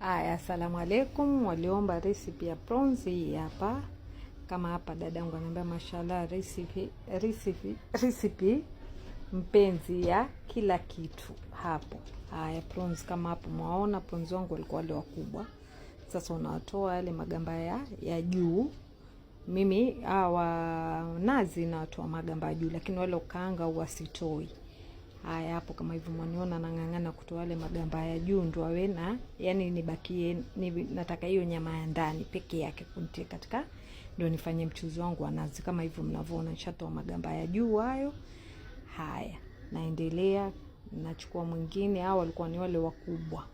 Aya, asalamu alaikum. Waliomba recipe ya prawns hii hapa, kama hapa dadangu ananiambia, mashallah, recipe recipe recipe mpenzi ya kila kitu hapo. Haya, prawns kama hapo mwaona prawns wangu walikuwa wale wakubwa. Sasa unawatoa yale magamba ya, ya juu. Mimi hawa nazi natoa magamba ya juu, lakini wale ukaanga huwa sitoi. Haya, hapo kama hivyo mwaniona nang'ang'ana kutoa yale magamba ya juu ndo awe na yani, nibakie ni, nataka hiyo nyama ya ndani peke yake kuntie katika, ndio nifanye mchuzi wangu wa nazi. Kama hivyo mnavyoona, nishatoa magamba ya juu hayo. Haya, naendelea nachukua mwingine, au walikuwa ni wale wakubwa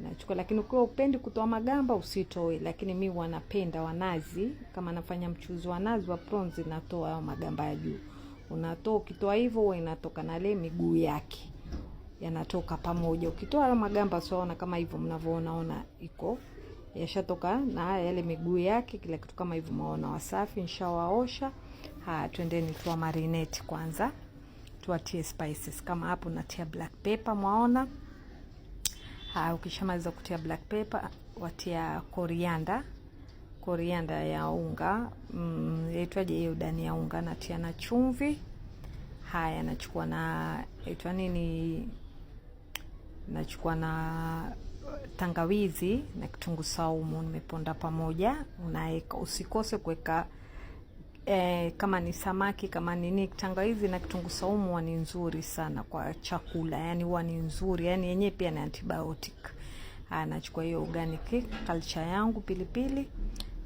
nachukua, lakini ukiwa upendi kutoa magamba usitoe, lakini mi wanapenda wanazi. Kama nafanya mchuzi wa nazi wa prawns, natoa magamba ya juu unatoa. Ukitoa hivyo huwa inatoka na le miguu yake yanatoka pamoja. Ukitoa magamba siwaona kama hivyo mnavyoona iko yashatoka na yale miguu yake, kila kitu kama hivyo. Maona wasafi, nshawaosha Haya, twendeni tuwa marinate kwanza, tuwatie spices kama hapo. Natia black pepper, mwaona. Haya, ukishamaliza kutia black pepper, watia coriander korianda ya unga mm, yaitwaje hiyo dania ya unga, natia na chumvi. Haya, nachukua na itwa nini, nachukua na tangawizi na kitungu saumu nimeponda pamoja, unaeka usikose kuweka E, kama ni samaki kama nini, tangawizi na kitungu saumu huwa ni nzuri sana kwa chakula, yani huwa ni nzuri yani, yenyewe pia ni antibiotic. Anachukua hiyo organic culture yangu pilipili pili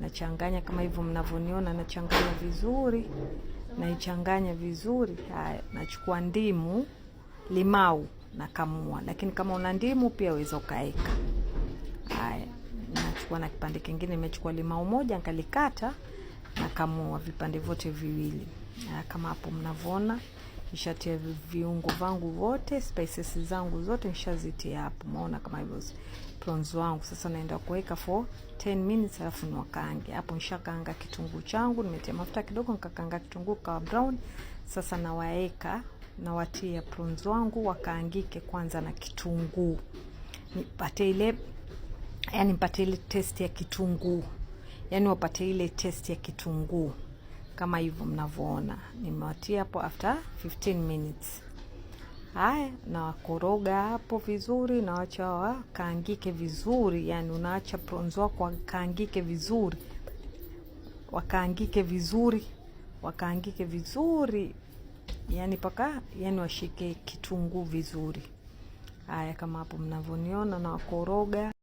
nachanganya kama hivyo mnavyoniona, nachanganya vizuri, naichanganya vizuri. Haya, nachukua ndimu, limau na kamua, lakini kama una ndimu pia uweza ukaeka. Haya, nachukua na kipande kingine, nimechukua limau moja nikalikata, na kamua vipande vyote viwili. Haya, kama hapo mnavyoona nishatia viungo vangu vote, spices zangu zote nishazitia hapo, maona kama hivyo, prawns wangu sasa naenda kuweka for 10 minutes alafu wakaange Hapo nishakaanga kitunguu changu, nimetia mafuta kidogo nikakaanga kitunguu kawa brown. Sasa nawaeka nawatia prawns wangu wakaangike kwanza na kitunguu. Nipate ile yani nipate ile taste ya kitunguu. Yani wapate ile taste ya kitunguu. Kama hivyo mnavyoona. Nimewatia hapo after 15 minutes. Haya, nawakoroga hapo vizuri, nawacha wakaangike vizuri. Yani unaacha prawns wako wakaangike vizuri, wakaangike vizuri, wakaangike vizuri, yani paka, yani washike kitunguu vizuri. Haya, kama hapo mnavyoniona, nawakoroga.